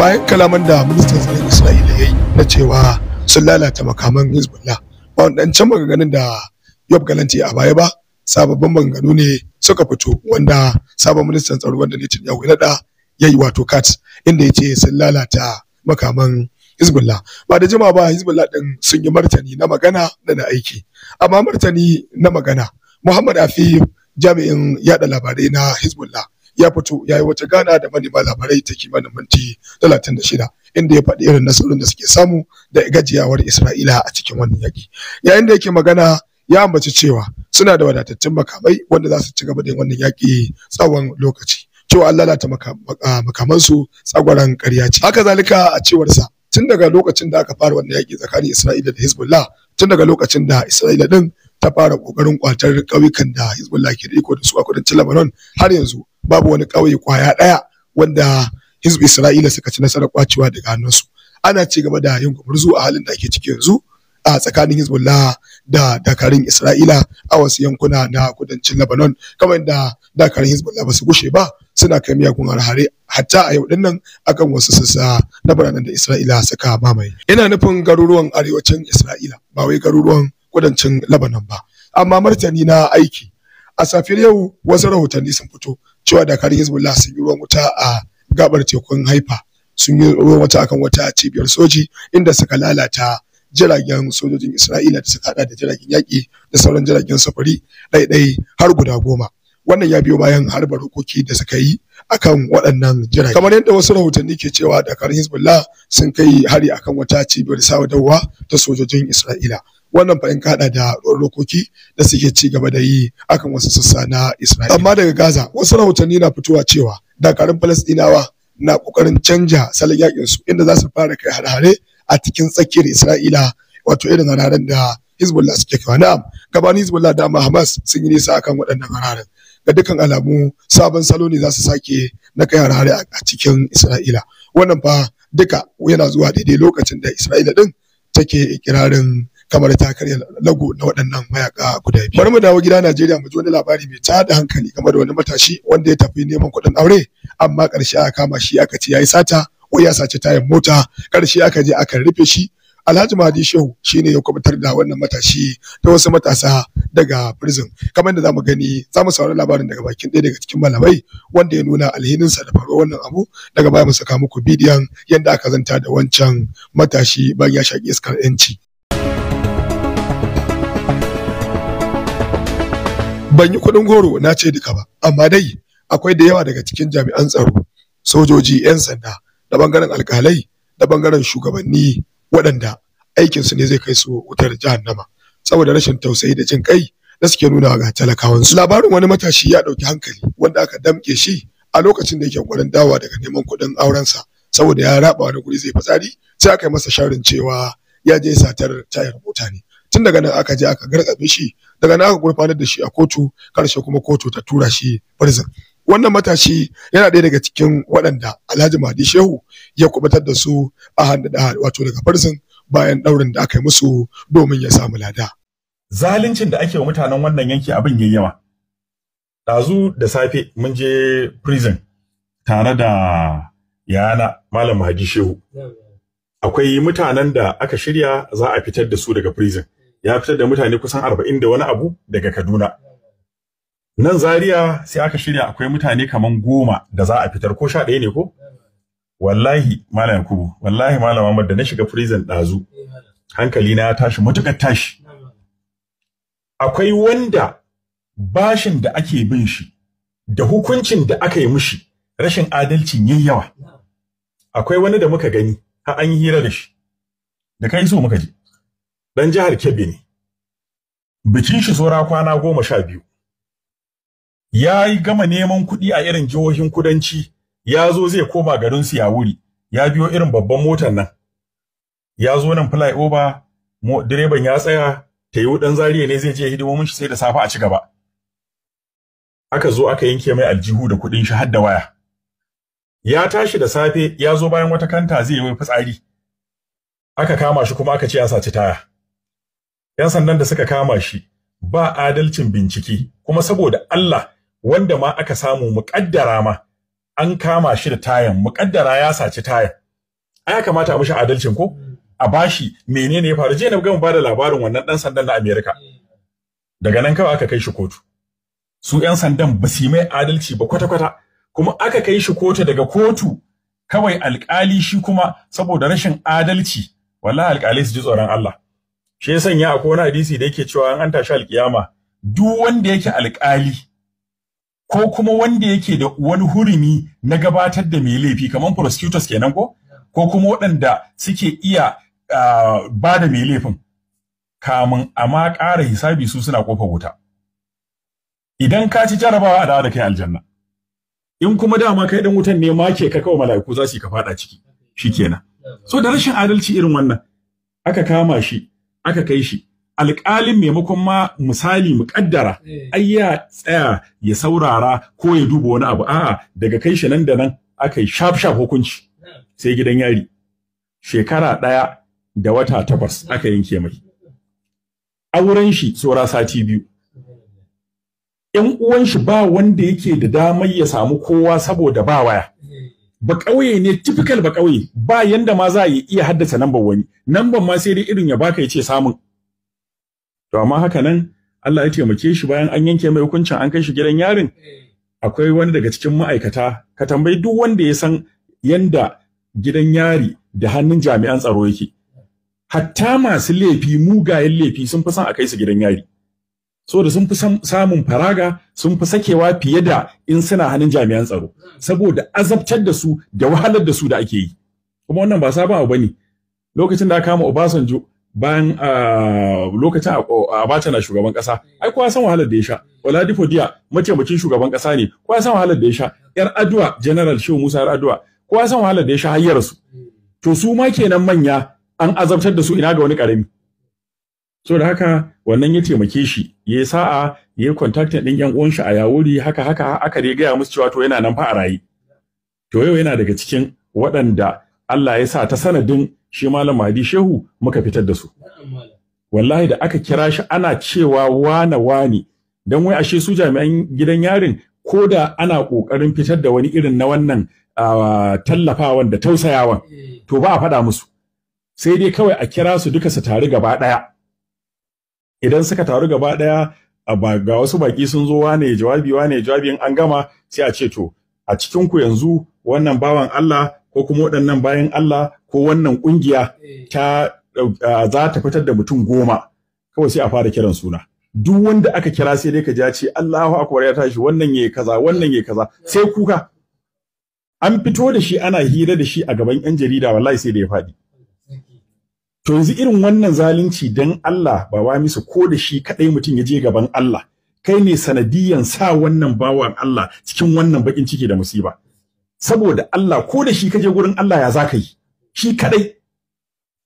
bayan kalaman da ministan tsaron isra'ila ya yi na cewa sun lalata makaman hezbollah ba wadancan maganganun da yob galanti a baya ba sababbin maganganu ne suka fito wanda sabon ministan tsaro wanda ne tun yawon nada ya yi wato kat inda ya ce sun lalata makaman hezbollah ba da jima ba hezbollah din sun yi martani na magana da na aiki amma martani na magana muhammad afif jami'in yada labarai na hezbollah ya fito ya yi wata gana da manema labarai ta kimanin minti 36 inda ya faɗi irin nasarorin da suke samu da gajiyawar Isra'ila a cikin wannan yaƙi. Yayin da yake magana ya ambaci cewa suna da wadatattun makamai wanda za su ci gaba da wannan yaƙi tsawon lokaci. Cewa an lalata makamansu tsagwaron ƙarya ce. Haka zalika a cewarsa tun daga lokacin da aka fara wannan yaƙi tsakanin Isra'ila da Hezbollah tun daga lokacin da Isra'ila din ta fara kokarin kwatar ƙauyukan da Hezbollah ke da iko da su a kudancin Lebanon har yanzu babu wani ƙauye kwaya ɗaya wanda hizbi isra'ila suka ci nasarar kwacewa daga hannunsu ana ci gaba da yin gumurzu a halin da ake ciki yanzu a tsakanin hizbullah da dakarun isra'ila a wasu yankuna na kudancin lebanon kamar yadda dakarun hizbullah ba su gushe ba suna kai miyagun harhare hatta a yau din nan akan wasu sassa na biranen da isra'ila suka mamaye ina nufin garuruwan arewacin isra'ila ba wai garuruwan kudancin lebanon ba amma martani na aiki a safiyar yau wasu rahotanni sun fito cewa dakarun hezbollah sun yi ruwan wuta a gabar tekun haifa sun yi ruwan wuta akan wata cibiyar soji inda suka lalata jiragen sojojin isra'ila da suka hada da jiragen yaƙi da sauran jiragen safari ɗaiɗai har guda goma wannan ya biyo bayan harba rokoki da suka yi akan waɗannan jiragen. kamar yadda wasu rahotanni ke cewa dakarun hezbollah sun kai hari akan wata cibiyar sadarwa ta sojojin isra'ila wannan fa in ka hada da rokoki da suke ci gaba da yi akan wasu sassa na Isra'ila amma daga Gaza wasu rahotanni na fitowa cewa dakarun Falastinawa na kokarin canja salon yakin su inda za su fara kai harhare a cikin tsakiyar Isra'ila wato irin hararen da Hezbollah suke kawo na'am gabanin Hezbollah da Hamas sun yi nisa akan waɗannan hararen ga dukkan alamu sabon salo ne za su sake na kai harhare a cikin Isra'ila wannan fa duka yana zuwa daidai lokacin da Isra'ila din take kirarin. kamar ta karya lago na waɗannan mayaka guda biyu bari mu dawo gida Najeriya mu ji wani labari mai tada hankali game da wani matashi wanda ya tafi neman kuɗin aure amma ƙarshe aka kama shi aka ce yayi sata ko ya sace tayan mota ƙarshe aka je aka rufe shi Alhaji Mahadi Shehu shine ya kubutar da wannan matashi ta wasu matasa daga prison kamar da zamu gani zamu saurari labarin daga bakin ɗaya daga cikin malamai wanda ya nuna alhininsa da faruwar wannan abu daga baya mu saka muku bidiyon yadda aka zanta da wancan matashi bayan ya shaƙi iskar 'yanci. ban yi kuɗin goro na ce duka ba amma dai akwai da yawa daga cikin jami'an tsaro sojoji 'yan sanda da bangaren alkalai da bangaren shugabanni waɗanda aikinsu ne zai kai su wutar jihar nama, saboda rashin tausayi da jin kai da suke nuna ga talakawansu labarin wani matashi ya ɗauki hankali wanda aka damke shi a lokacin da yake gwanin dawa daga neman kuɗin aurensa saboda ya raba wani guri zai fitsari sai aka yi masa sharin cewa ya je satar tayar mota ne tun daga nan aka je aka garkabe shi daga nan aka gurfanar da shi a kotu karshe kuma kotu ta tura shi prison wannan matashi yana ɗaya daga cikin waɗanda Alhaji Mahdi Shehu ya kubatar da su a hannu da wato daga prison bayan ɗaurin da aka yi musu domin ya samu lada zaluncin da ake wa mutanen wannan yanki abin yayi yawa ɗazu da safe mun je prison tare da yana malam Mahdi Shehu akwai mutanen da aka shirya za a fitar da su daga prison ya fitar da mutane kusan arba'in da wani abu daga Kaduna. Nan Zariya sai aka shirya akwai mutane kaman goma da za a fitar ko sha ɗaya ne ko? Wallahi Malam Yakubu, wallahi Malam Muhammad da na shiga prison ɗazu. Hankali na ya tashi matuƙar tashi. Akwai wanda bashin da ake bin shi da hukuncin da aka yi mushi rashin adalcin yayi yawa. Akwai wani da muka gani har an yi hira da shi. Da kai so muka je. Dan jihar Kebbi ne. Bikin shi tsora kwana goma sha biyu. Ya yi gama neman kuɗi a irin jihohin kudanci, ya zo zai koma garin su ya wuri, ya biyo irin babban motar nan. Ya zo nan flyover, direban ya tsaya, ta yi ɗan zariya ne zai je hidimomin shi sai da safe a ci gaba. Aka zo aka yanke mai aljihu da kuɗin shi har da waya. Ya tashi da safe, ya zo bayan wata kanta zai yi fitsari. Aka kama shi kuma aka ce ya saci taya. 'yan sandan da suka kama shi ba adalcin bincike kuma saboda Allah wanda ma aka samu muƙaddara ma an kama shi da tayan muƙaddara ya saci tayan ai ya kamata a mishi adalcin ko a bashi menene ya faru je na ga mu bada labarin wannan dan sandan na Amerika. daga nan kawai aka kai shi kotu su yan sandan ba su mai adalci ba kwata kwata kuma aka kai shi kotu daga kotu kawai alƙali shi kuma saboda rashin adalci wallahi alƙali su ji tsoron Allah shi ya sanya akwai wani hadisi da yake cewa an tashi alkiyama duk wanda yake alƙali ko kuma wanda yake da wani hurumi na gabatar da mai laifi kamar prosecutors kenan ko ko kuma waɗanda suke iya ba da mai laifin kamun amma ƙara hisabi su suna kofa wuta idan ka ci jarabawa a dawo da kai aljanna in kuma dama kai dan wutan ne ma ke ka kawo mala'iku za su yi ka fada ciki kenan. so da rashin adalci irin wannan aka kama shi aka kai shi alƙalin maimakon ma misali muƙaddara, ƙaddara eh. ai ya tsaya ya saurara ko ya duba wani abu a'a daga kai shi nan da nan aka yi shaf shaf hukunci sai gidan yari shekara ɗaya da wata takwas aka yanke mai auren shi saura sati biyu Ƴan uwan shi ba wanda yake da damar ya samu kowa saboda ba waya ba ƙauye ne typical ba ƙauye ba yanda ma za a iya haddasa namban wani namban ma sai dai irin ya baka ya ce samun to amma haka nan Allah ya taimake shi bayan an yanke mai hukuncin an kai shi gidan yarin akwai wani daga cikin ma'aikata ka tambayi duk wanda ya san yanda gidan yari da hannun jami'an tsaro yake hatta masu laifi mugayen laifi sun fi san a kai su gidan yari saboda sun fi samun faraga sun fi sakewa fiye da in suna hannun jami'an tsaro saboda azabtar da su da wahalar da su da ake yi kuma wannan ba sabon abu bane lokacin da kama Obasanjo bayan lokacin Abacha na shugaban kasa ai kowa san wahalar da ya sha Oladipo Diya mataimakin shugaban kasa ne kowa san wahalar da ya sha yar Adua General Shehu Musa yar Adua kowa san wahalar da ya sha hayyar su to su ma kenan manya an azabtar da su ina ga wani karami so da haka wannan ya taimake shi ya yi sa'a ya yi kontaktin ɗin yan uwan a yawuri haka haka aka dai gaya musu cewa to yana nan fa a raye to yau yana daga cikin waɗanda Allah ya sa ta sanadin shi malam Mahdi Shehu muka fitar da su wallahi da aka kira shi ana cewa wane wane dan wai ashe su jami'an gidan yarin ko da ana kokarin fitar da wani irin na wannan tallafawan da tausayawan to ba a faɗa musu sai dai kawai a kira su duka su taru gaba ɗaya idan suka taru gaba ɗaya ga wasu baki sun zo wane jawabi wane jawabi in an gama sai a ce to a cikin ku yanzu wannan bawan Allah ko kuma waɗannan bayan Allah ko wannan ƙungiya eh. ta za ta fitar da mutum goma kawai sai a fara kiran suna duk wanda aka kira sai dai ka ja ce Allahu akbar ya tashi wannan yayi kaza wannan yayi kaza sai kuka an fito da shi ana hira da shi a gaban yan jarida wallahi sai da ya faɗi To yanzu irin wannan zalunci dan Allah ba wa misu ko da shi kadai mutum ya je gaban Allah. Kai ne sanadiyan sa wannan bawan Allah cikin wannan bakin ciki da musiba. Saboda Allah ko da shi kaje gurin Allah ya zaka yi. Shi kadai.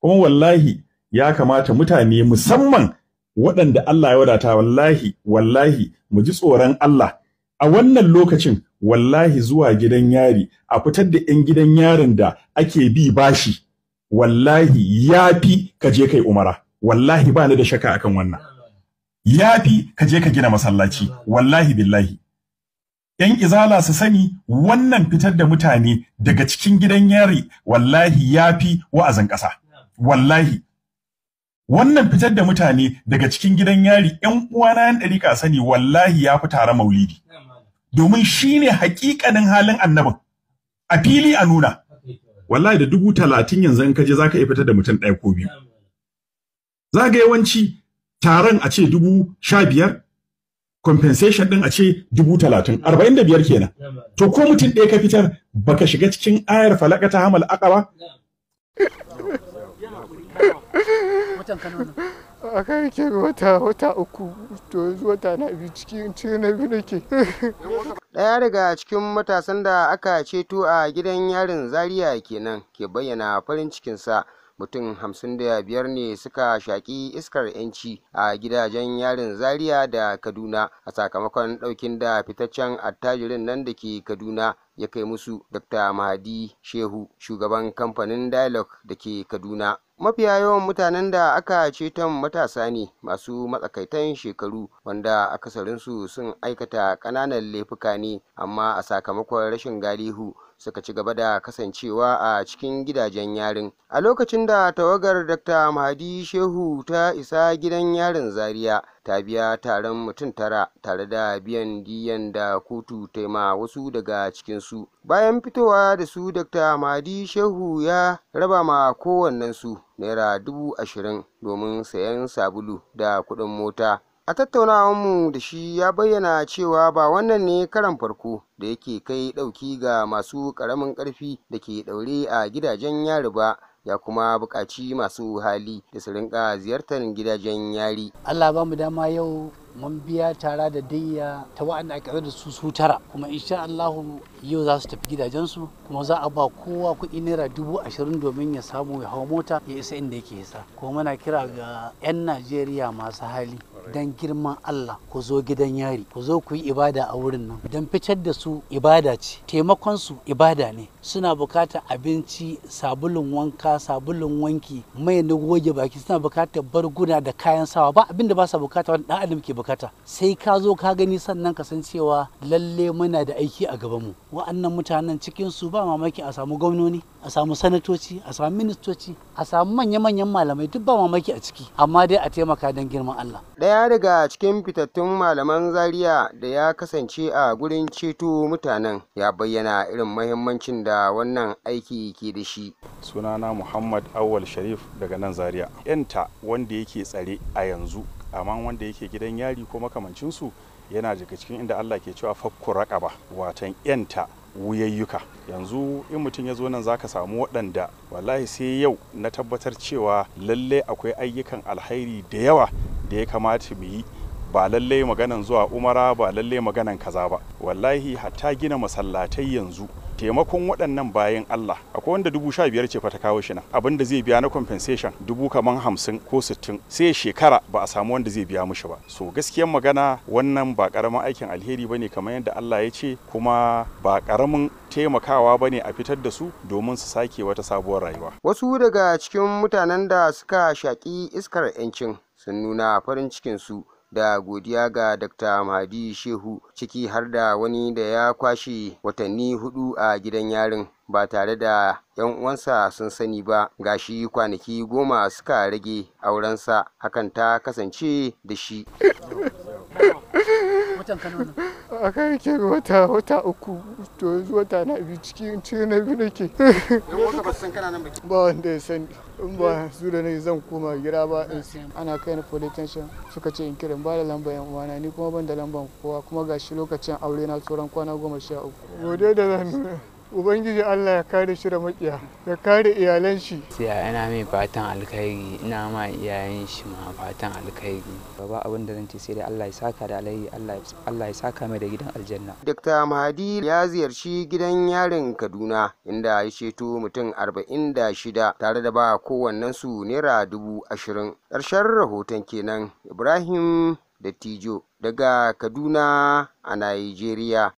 Kuma wallahi ya kamata mutane musamman waɗanda Allah ya wadata wallahi wallahi mu ji tsoron Allah a wannan lokacin wallahi zuwa gidan yari a fitar da 'yan gidan yarin da ake bi bashi wallahi ya fi ka je kai umara wallahi ba ni da shaka akan wannan Ya fi ka je ka gina masallaci wallahi billahi yan izala su sani wannan fitar da mutane daga cikin gidan yari wallahi ya fi wa'azin ƙasa wallahi wannan fitar da mutane daga cikin gidan yari yan uwana yan ɗarika sani wallahi ya fi tare maulidi domin shine haƙiƙanin halin annabin a fili a nuna wallahi da dubu talatin yanzu in ka je zaka iya fitar da mutum ɗaya ko biyu zaga yawanci taron a ce dubu sha biyar compensation din a ce dubu talatin arba'in da biyar kenan to ko mutum ɗaya ka fitar baka shiga cikin ayar falaka ta hamal aqaba kan yake wata wata uku to yanzu wata na biyu cikin cikin na biyu nake daya daga cikin matasan da aka ceto a gidan yarin zaria kenan ke bayyana farin cikinsa mutum hamsin da biyar ne suka shaki iskar 'yanci a gidajen yarin zaria da kaduna a sakamakon ɗaukin da fitaccen attajirin nan da ke kaduna ya kai musu dr mahadi shehu shugaban kamfanin dialog da ke kaduna mafiya yawan mutanen da aka ceton matasa ne masu matsakaitan shekaru wanda akasarinsu sun aikata ƙananan laifuka ne amma a sakamakon rashin galihu suka ci gaba da kasancewa a cikin gidajen yarin a lokacin da tawagar dr mahadi shehu ta isa gidan yarin zaria ta biya taron mutum tara tare da biyan diyan da kotu taima wasu daga cikinsu bayan fitowa da su dr mahadi shehu ya raba ma kowannensu naira dubu ashirin domin sayan sabulu da kuɗin mota A mu da shi ya bayyana cewa ba wannan ne karan farko da yake kai ɗauki ga masu ƙaramin ƙarfi da ke ɗaure a gidajen yari ba, ya kuma buƙaci masu hali da su rinƙa ziyartar gidajen yari. Allah ba mu dama yau mun biya tara da dayya ta wa'anda aka da su su tara kuma insha Allahu yau za su tafi gidajensu kuma za a ba kowa kuɗi naira dubu ashirin domin ya samu ya hau mota ya isa inda yake isa kuma muna kira ga 'yan Najeriya masu hali dan girman Allah ku zo gidan yari ku zo ku yi ibada a wurin nan dan fitar da su ibada ce taimakon su ibada ne suna bukatar abinci sabulun wanka sabulun wanki mai na goge baki suna bukatar barguna da kayan sawa ba abinda ba sa bukata wani dan adam ke bukata sai ka zo ka gani sannan ka san cewa lalle muna da aiki a gaban mu wa'annan mutanen cikin su ba mamaki a samu gwamnoni a samu sanatoci a samu ministoci a samu manya-manyan malamai duk ba mamaki a ciki amma dai a taimaka dan girman Allah. Daya ɗaya daga cikin fitattun malaman zariya da ya kasance a gurin ceto mutanen ya bayyana irin mahimmancin da wannan aiki ke da shi. Sunana Muhammad Awal Sharif daga nan zariya Yanta wanda yake tsare a yanzu, amma wanda yake gidan yari ko makamancinsu yana daga cikin inda Allah ke cewa fakku raƙaba watan yanta wuyayyuka yanzu in mutum ya zo nan zaka samu waɗanda wallahi sai yau na tabbatar cewa lalle akwai ayyukan alhairi da yawa da ya kamata mu yi ba lallai maganan zuwa umara ba lallai maganan kaza ba wallahi hatta gina masallatai yanzu taimakon waɗannan bayan Allah akwai wanda dubu sha biyar ce fata kawo shi nan abin da zai biya na compensation dubu kaman hamsin ko sittin sai shekara ba a samu wanda zai biya mushi ba so gaskiyar magana wannan ba karamin aikin alheri ba ne kamar yadda Allah ya ce kuma ba karamin taimakawa ba ne a fitar da su domin su sake wata sabuwar rayuwa wasu daga cikin mutanen da suka shaƙi iskar 'yancin sun nuna farin cikinsu da godiya ga Dr. Mahdi Shehu ciki har da wani da ya kwashe watanni hudu a gidan yarin ba tare da 'yan uwansa sun sani ba ga shi kwanaki goma suka rage aurensa hakan ta kasance da shi. watan kano nan a kai ke wata wata uku to yanzu wata na biyu cikin cikin na biyu nake yan ba wanda ya sani in ba su da nake zan koma gida ba ana kai ni police station suka ce in kiran ba da lambar yan uwana ni kuma ban da lamban kowa kuma gashi lokacin aure na tsoron kwana goma sha uku godiya da zan nuna ubangiji allah ya kare shi da makiya ya kare iyalan shi sai ina mai fatan alkhairi ina ma iyayen shi ma fatan alkhairi baba abin da zan ce sai dai allah ya saka da alai allah ya saka mai da gidan aljanna dr mahadi ya ziyarci gidan yarin kaduna inda ya ceto mutum arba'in da shida tare da ba kowannen su naira dubu ashirin ƙarshen rahoton kenan ibrahim da tijo daga kaduna a nigeria